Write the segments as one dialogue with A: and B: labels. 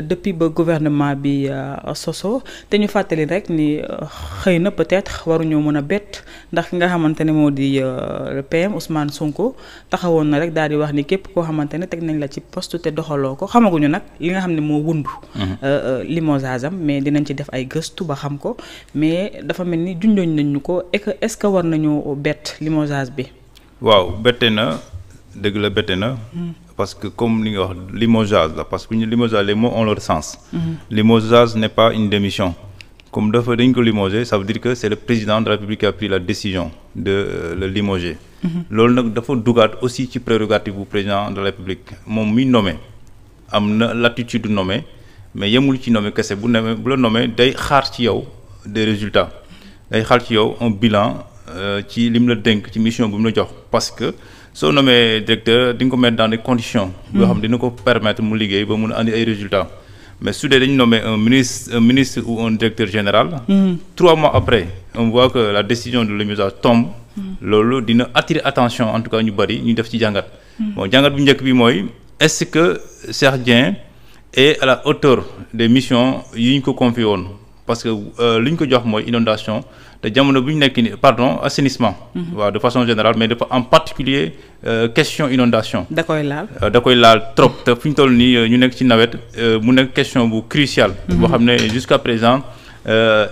A: depuis ba gouvernement bi euh, soso té ñu fatali rek ni euh, xeyna peut-être waru ñu mëna bét ndax nga xamante modi euh, le PM Ousmane Sonko taxawon na rek daal di wax ni képp ko xamante ne nañ la ci poste té doxalo ko xamaguñu nak li nga xamné mo moo wundu mhm. limogeage am mais dinañ ci def ay gëstu ba xam ko mais dafa melni juññoñ nañ ñu ko et que est-ce que war nañu bét limogeage bi
B: waaw bété na deug la bété na mm parce que comme limojaz là, parce que les mots ont leur sens mhm. limojaz n'est pas une démission comme dafa dañ ko ça veut dire que c'est le président de la République qui a pris la décision de euh, le limoger mhm. loolu doit dafa dougat aussi ci prérogative du président de la République moom mi nommé am na l'attitude nommer mais yemul ci nommé kese bu nommé bu la nommé day xaar ci des résultats day xaar un bilan euh, ci lim la ci mission bu mu la jox parce que soo nommé directeur di nga ko mettre dans des conditions. yoo hmm. xam dina ko permettre mu liggéey ba mun a andi ay résultats mais si on dañu nommé un ministre un ministre ou un directeur général. Hmm. trois mois après on voit que la décision de l'émission tombe. Hmm. loolu dina attirer attention en tout cas ñu bari ñu def ci jàngat. bon jàngat bu njëkk bi est-ce que Cheikh est à la hauteur des missions qu'il a ko parce que euh, li ñu ko jox inondation pardon assainissement. Mhm. de façon générale mais en particulier euh, question inondation D'accord, il y a trop de fi ñu une euh, ñu euh, question cruciale mhm. jusqu'à présent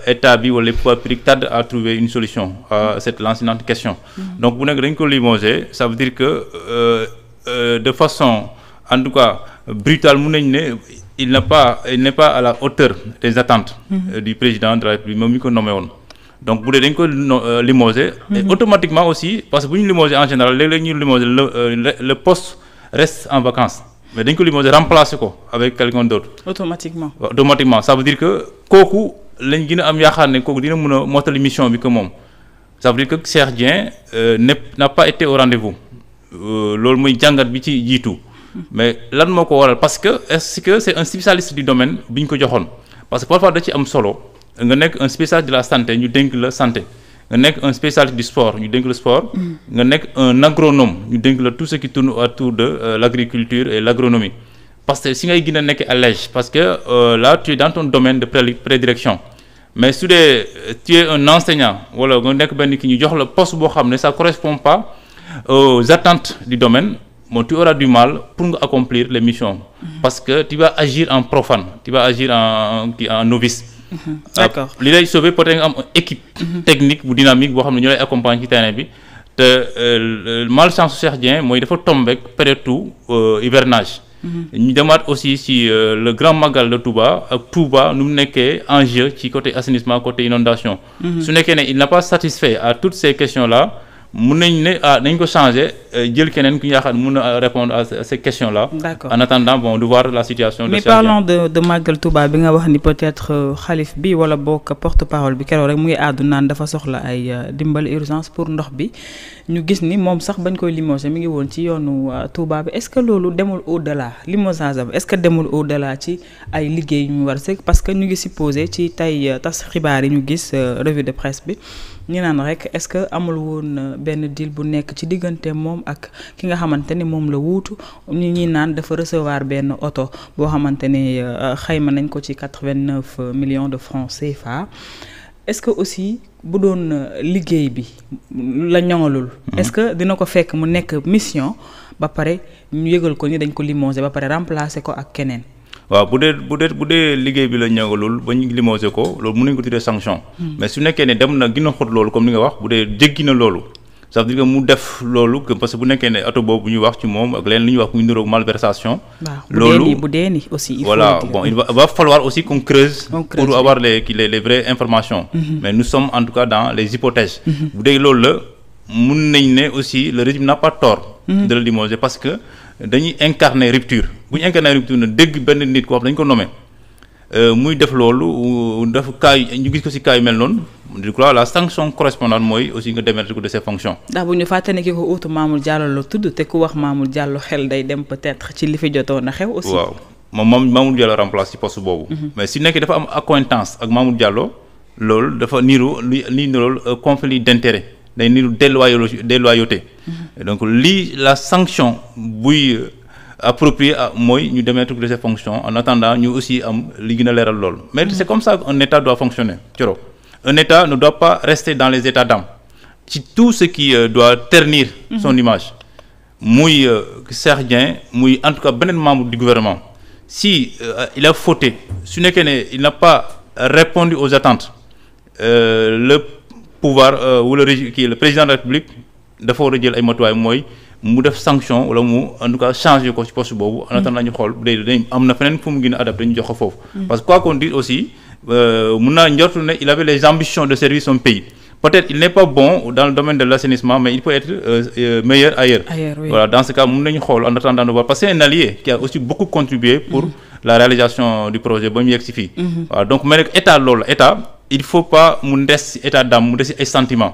B: l'État bi wala les pouvoirs publics à trouver une solution à mhm. cette lancinante question donc bu nekk dañ ko limogé ça veut dire que de façon en tout cas brutale il n'est pas il n'est pas à la hauteur des attentes du président de la République même mi ko donc vous voulez dañ euh, limoser. et mhm. automatiquement aussi parce que vous limoser, en général les les euh, le poste reste en vacances mais dañ ko remplacer avec quelqu'un d'autre
A: automatiquement
B: automatiquement ça veut dire que koku lañ gën am yaakaar koku dina a mission bi que ça veut dire que Cheikh euh, n'a pas été au rendez-vous loolu moy jangat bi ci jitu mais lan moko waral parce que est-ce que c'est un spécialiste du domaine buñ ko joxone parce que parfois da ci am solo nga nek un spécialiste de la santé ñu dénk la santé nga un spécialiste du sport ñu dénk le sport mm. nga nek un agronome ñu dénk tout ce qui tourne autour de euh, l'agriculture et l'agronomie parce que si ngay es a parce que euh, là tu es dans ton domaine de prédirection, mais si euh, tu es un enseignant wala nga nek benn ki ñu jox le poste ne ça correspond pas aux attentes du domaine bon, tu auras du mal pour accomplir les missions. Mm. Parce que tu vas agir en profane, tu vas agir en novice. Euh, D'accord. accord li sauver peut équipe. Mhm. technique ou dynamique pour nous ne accompagner terrain bi euh, malchance Cheikh il faut dafa tout euh, hivernage. Mhm. ñu demaat aussi si le grand magal de Touba Touba nous mu en jeu ci côté assainissement côté inondation. Mhm. su n'est ne il n'a pas satisfait à toutes ces questions là mun ne ah nañ ko changer euh, jël keneen ku ñu yaakaar mun répondre à ces questions là. en attendant bon de voir la situation. de mais parlons
A: de de Magal Touba bi nga wax ni peut-être euh, xalif bi wala bokk porte-parole bi keroog rek mu ngi àddu naan dafa soxla ay euh, dimbal urgence pour ndox bi ñu gis ni moom sax bañ koy limoger mi ngi woon ci yoonu Touba bi est-ce que loolu demul au-delà limogeage est-ce que demul au-delà ci ay liggéey yu ñu war a parce que ñu ngi supposé ci tey tas xibaar yi ñu gis revue de presse bi est-ce que amul woon euh, benn deal bu nekk ci diggante moom ak ki nga xamante ni la wuutu ñu dafa recevoir benn oto euh, millions de francs CFA est-ce que aussi bu doon euh, liggéey bi la mhm. est-ce que dina ko fekk mu nekk mission ba ñu ko ni
B: waaw bu dee bu dee bu dee liggéey bi la ñëwalul ba ñu limogé ko loolu mën nañu ko tuddee sanction. Hmm. mais su nekkee ne dem na gën a xóot loolu comme ni nga wax bu dee jéggi na loolu. ça veut dire que mu def loolu parce que bu nekkee ne oto boobu ñu wax ci moom ak leneen lu ñu wax muy niroog malversation. loolu bu dee ni aussi. il voilà bon il va falloir aussi qu'on creuse. pour avoir les les les vraies informations. Hmm, hmm. mais nous sommes en tout cas dans les hypothèses. bu dee loolu la mun nañ ne aussi le régime n'a pas tort. de le limoger parce que dañuy incarner rupture buñu incarner rupture dégg benn nit koo xam dañ ko nommé euh, muy def loolu euh, def kay ñu gis ko ci kay mel la sanction correspondante aussi nga de ses fonctions.
A: ndax bu ñu ko uutu Diallo la tudd ku wax Diallo xel day dem peut-être ci li fi a xew. aussi waaw
B: moom Diallo remplace ci poste boobu. Mhm. mais si nekkee dafa am acquaintance ak Diallo loolu dafa niru euh, conflit d'intérêt day une déloyauté donc la sanction euh, à approprié nous devons être de ses fonctions en attendant nous aussi nous li être mais c'est comme ça qu'un état doit fonctionner un état ne doit pas rester dans les états d'âme ci tout ce qui euh, doit ternir son mhm. image Mouy euh, Cheikh rien en tout cas un membre du gouvernement si il a fauté ce n'est qu'il n'a pas répondu aux attentes le pouvoir ou le qui le président de la République dafa war a jël ay matuwaay mooy mu def sanction wala mu en tout cas changer ko ci poste boobu. en attendant ñu xool bu dee dañ am na feneen fu mu gën a adapté ñu jox ko foofu. Mm. parce que quoi qu'on dise aussi euh, mun naa njortu ne il avait les ambitions de servir son pays. peut-être il n'est pas bon dans le domaine de l'assainissement, mais il peut être euh, euh meilleur ailleurs. ailleurs oui. Voilà, dans ce cas, nous avons en attendant de voir. Parce que c'est un allié qui a aussi beaucoup contribué pour mm -hmm. la réalisation du projet Bomiexifie. Mm -hmm. voilà, donc, état il faut pas mon état d'âme, ay sentiment.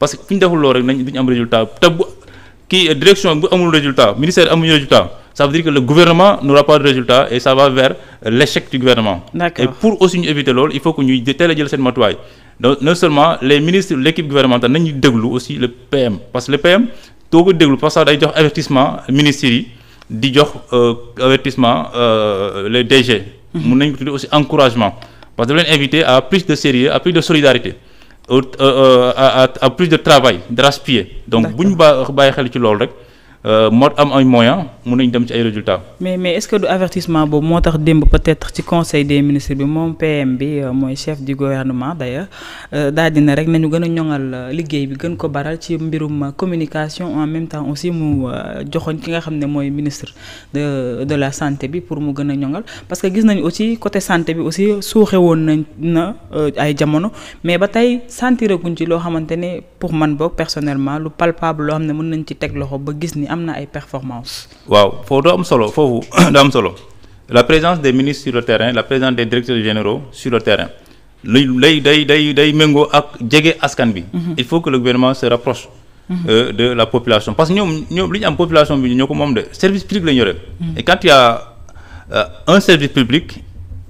B: parce que si ñu deful un rek résultat te bu direction a un résultat ministère un résultat ça veut dire que le gouvernement n'aura pas de résultat et ça va vers l'échec du gouvernement. Et pour aussi éviter cela, il faut que nous détaillions le jël donc non seulement les ministres l'équipe gouvernementale mais déglu aussi le PM parce que le PM tout le déglu parce que day jox avertissement ministère yi di jox euh, avertissement euh, les DG. Mhm. mun nañu ko aussi encouragement parce que da leen invité à plus de sérieux à plus de solidarité. Euh, euh, à à à plus de travail de gaspillé donc bu ñu baa bàyyi xel ci loolu rek. Euh, moo am ay moyens mun nañ dem ci ay résultats.
A: mais mais est-ce que du avertissement boobu moo tax peut-être ci conseil des ministres bi mom PM bi euh, moy chef du gouvernement d'ailleurs euh, daal dina rek nañu gëna ñongal ñoŋal liggéey bi gën ko baral ci mbirum communication en même temps aussi mu joxoñ ki nga xamné moy ministre de de la santé bi pour mu gëna ñongal parce que gis nañ aussi côté santé bi aussi suuxe woon nañ na ay jamono mais ba tey guñ ci lo xamantene pour man bok personnellement lu palpable lo xamné ne mën nañ ci teg loxo ba gis ni am na ay performances.
B: am solo foofu am solo la présence des ministres sur le terrain la présence des directeurs généraux sur le terrain lay day day day ak askan bi. Mhm. il faut que le gouvernement se rapproche. Mhm. Euh, de la population parce que nous, ñoom li am population bi ñoo ko de service public la mhm. et quand il y a euh, un service public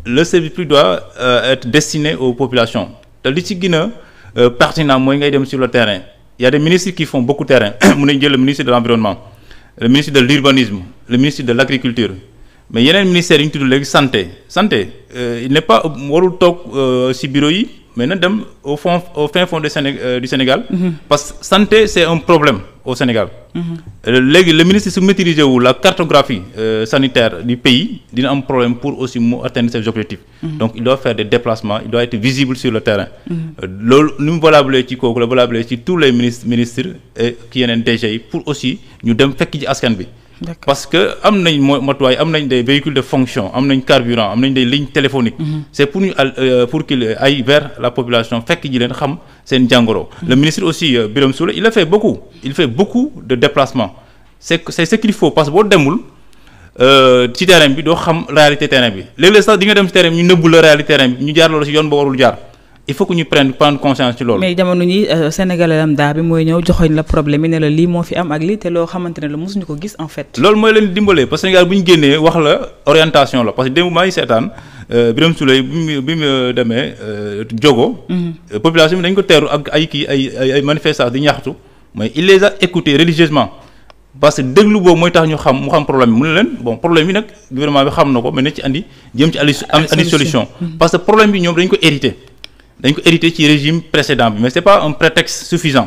B: le service public doit euh, être destiné aux populations te li ci gën a euh, pertinent mooy ngay dem sur le terrain. Il y a des ministres qui font beaucoup de terrain. Mon le ministre de l'Environnement le ministre de l'urbanisme le ministre de l'agriculture mais y ministère yi un de la santé santé euh, il n'est pas au toog euh, bureau mais au fond au fin fond euh, du Sénégal mm-hmm. parce que santé c'est un problème au Sénégal. Euh, légui, le ministre su maîtriser la cartographie euh, sanitaire du pays a un problème pour aussi atteindre ses objectifs. Mm-hmm. donc il doit faire des déplacements il doit être visible sur le terrain. Nous, mm-hmm. euh, ni mu tous les ministres qui et qui ont DG pour aussi nous dem fekk ci askan parce que am nañ matuwaay am nañ des véhicules de fonction am nañ carburant am nañ des lignes téléphoniques. Mhm. c' pour ñu euh, pour qu'il aille vers la population fekk ji len xam seen jàngoro. Mhm. le ministre aussi euh, Birame Soule il a fait beaucoup il fait beaucoup de déplacements C'est c'est ce qu'il faut parce que boo demul. Euh, ci terrain bi do xam réalité terrain bi les les sax di nga dem ci terrain ñu neubul la réalité terrain bi ñu jaar loolu ci yoon bo warul jaar il faut que nous prendre prendre conscience de loolu. mais
A: jamono ñi euh, Sénégalais lambda bi moy ñëw joxoñ la problème né la li moo fi am ak li té lo xamante ne la ko gis en fait.
B: loolu moy leen dimbalé parce que Sénégal buñu ñu wax la orientation la parce que démb maa sétane euh Birame Souleye bi mu bi mu demee euh, mhm. euh, population bi dañ ko téru ak ay ki ay ay manifestation di ñaxtu mais il les a écouté religieusement. parce que déglu bo moy tax ñu xam mu xam problème mu leen bon problème bi nak gouvernement bi xam nako mais ne ci andi jëm ci andi. andi solution mhm. parce que problème bi ñom dañ ko hérité dañ ko hérité ci régime précédent bi mais c'est pas un prétexte suffisant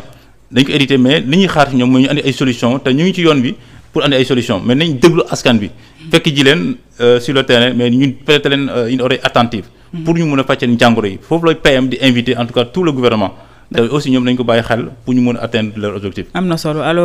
B: dañ ko hérité mais li ñuy xaar ñom ñu andi ay solution té ñu ngi ci yoon bi pour andi ay solution mais nañ déglu askan bi fekk ji leen euh, sur le terrain mais ñu prêter leen euh, une oreille attentive pour ñu mëna a jangoro yi fofu lay PM di inviter en tout cas tout le gouvernement aussi ñom nañ ko bàyyi xel pour ñu mëna atteindre leur objectif amna solo alors